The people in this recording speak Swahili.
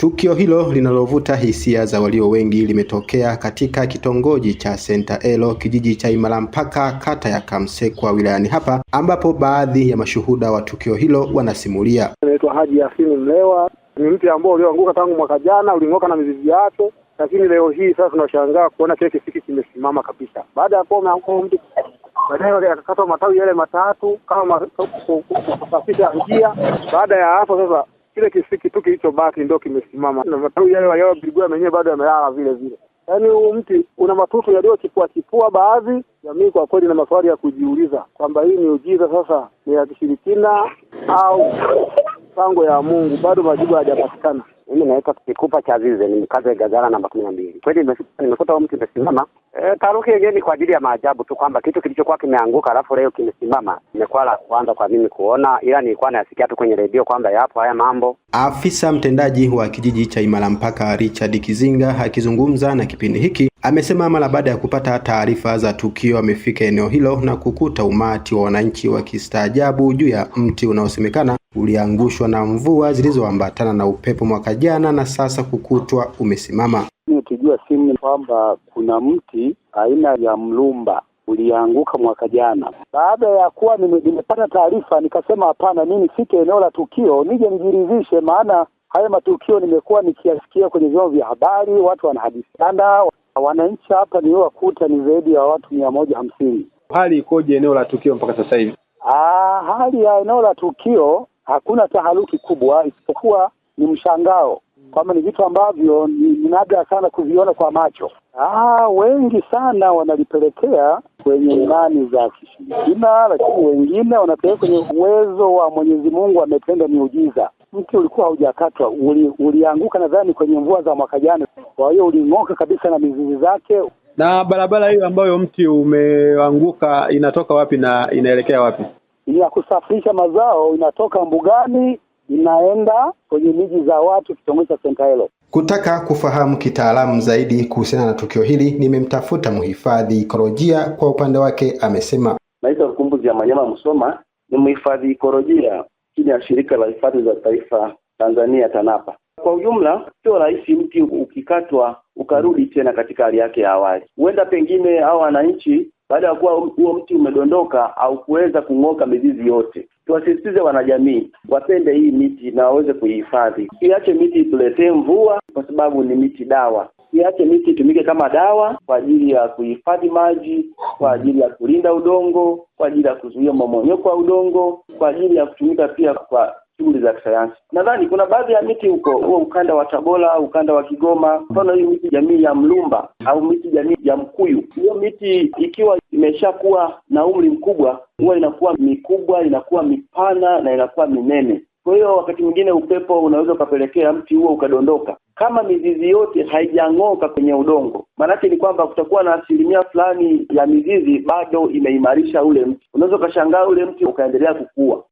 Tukio hilo linalovuta hisia za walio wengi limetokea katika kitongoji cha Senta Elo, kijiji cha Imalampaka, kata ya Kamsekwa, wilayani hapa, ambapo baadhi ya mashuhuda wa tukio hilo wanasimulia. Naitwa Haji Yasini Mlewa, ni mti ambao ulioanguka tangu mwaka jana, uling'oka na mizizi yake, lakini leo hii sasa tunashangaa kuona kile kisiki kimesimama kabisa baada ya kuwa umeanguka mti baadaye akakatwa matawi yale matatu kama kusafisha njia. Baada ya hapo sasa kile kisiki tu kilichobaki ndio kimesimama, na matawi yale waliyopigwa wenyewe bado yamelala vile vile. Yaani huu mti una matutu yaliyochipua chipua baadhi. Jamii kwa kweli na maswali ya kujiuliza kwamba hii miujiza sasa ni ya kishirikina au mpango ya Mungu, bado majibu hayajapatikana. Mimi naitwa Kikupa cha Azize, ni mkazi wa namba kumi na mbili. Kweli nimekuta huu mti umesimama, E, eh, taruki yenyewe ni kwa ajili ya maajabu tu kwamba kitu kilichokuwa kimeanguka alafu leo kimesimama, imekuwa la kwanza kwa mimi kuona, ila nilikuwa nayasikia tu kwenye redio kwamba yapo haya mambo. Afisa mtendaji wa kijiji cha imara mpaka Richard Kizinga akizungumza na kipindi hiki amesema mara baada ya kupata taarifa za tukio amefika eneo hilo na kukuta umati wa wananchi wakistaajabu juu ya mti unaosemekana uliangushwa na mvua zilizoambatana na upepo mwaka jana na sasa kukutwa umesimama nikijua simu kwamba kuna mti aina ya mlumba ulianguka mwaka jana. Baada ya kuwa nimepata taarifa, nikasema hapana, mi nifike eneo la tukio nije nijiridhishe, maana haya matukio nimekuwa nikiyasikia kwenye vyombo vya habari, watu wanahadisiana. Wananchi hapa niliowakuta ni zaidi ya watu mia moja hamsini. Hali ikoje eneo la tukio mpaka sasa hivi? Ah, hali ya eneo la tukio hakuna taharuki kubwa, isipokuwa ni mshangao kwamba ni vitu ambavyo ni nadra sana kuviona kwa macho. Aa, ah, wengi sana wanalipelekea kwenye imani za kishirikina, lakini wengine wanapeleka kwenye uwezo wa Mwenyezi Mungu, ametenda miujiza. Mti ulikuwa haujakatwa uli, ulianguka nadhani kwenye mvua za mwaka jana, kwa hiyo uling'oka kabisa na mizizi zake. Na barabara hiyo ambayo mti umeanguka inatoka wapi na inaelekea wapi? Ni ya kusafirisha mazao, inatoka mbugani inaenda kwenye miji za watu, kitongoji cha Sentaelo. Kutaka kufahamu kitaalamu zaidi kuhusiana na tukio hili, nimemtafuta mhifadhi ikolojia. Kwa upande wake amesema, naitwa Mkumbuzi ya Manyama Msoma, ni mhifadhi ikolojia chini ya shirika la hifadhi za taifa Tanzania TANAPA. Kwa ujumla, sio rahisi mti ukikatwa ukarudi tena katika hali yake ya awali. Huenda pengine au wananchi baada ya kuwa huo mti umedondoka au kuweza kung'oka mizizi yote. Tuwasisitize wanajamii wapende hii miti na waweze kuihifadhi. Siache miti ituletee mvua, kwa sababu ni miti dawa. Siache miti itumike kama dawa kwa ajili ya kuhifadhi maji, kwa ajili ya kulinda udongo, kwa ajili ya kuzuia mmomonyoko wa udongo, kwa ajili ya kutumika pia kwa shughuli za kisayansi. Nadhani kuna baadhi ya miti huko huo ukanda wa Tabora, ukanda wa Kigoma, mfano hii miti jamii ya mlumba au miti jamii ya mkuyu. Hiyo miti ikiwa imeshakuwa na umri mkubwa, huwa inakuwa mikubwa, inakuwa mipana na inakuwa minene. Kwa hiyo wakati mwingine upepo unaweza ukapelekea mti huo ukadondoka. Kama mizizi yote haijang'oka kwenye udongo, maanake ni kwamba kutakuwa na asilimia fulani ya mizizi bado imeimarisha ule mti. Unaweza ukashangaa ule mti ukaendelea kukua.